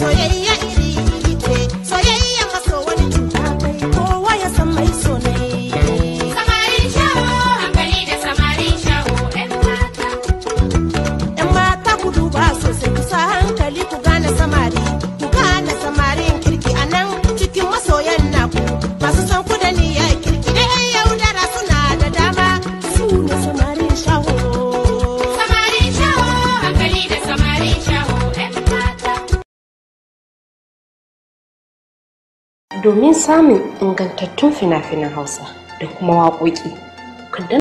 soyayya iri iri wani cuta kai kowa ya mai so shawo hankali da shawo yan mata yan mata ku duba sosai hankali ku gane samari ku kirki cikin masoyan naku masu kirki suna da dama su na shawo shawo hankali da shawo Domin samun ingantattun fina-finan Hausa da kuma waƙoƙi.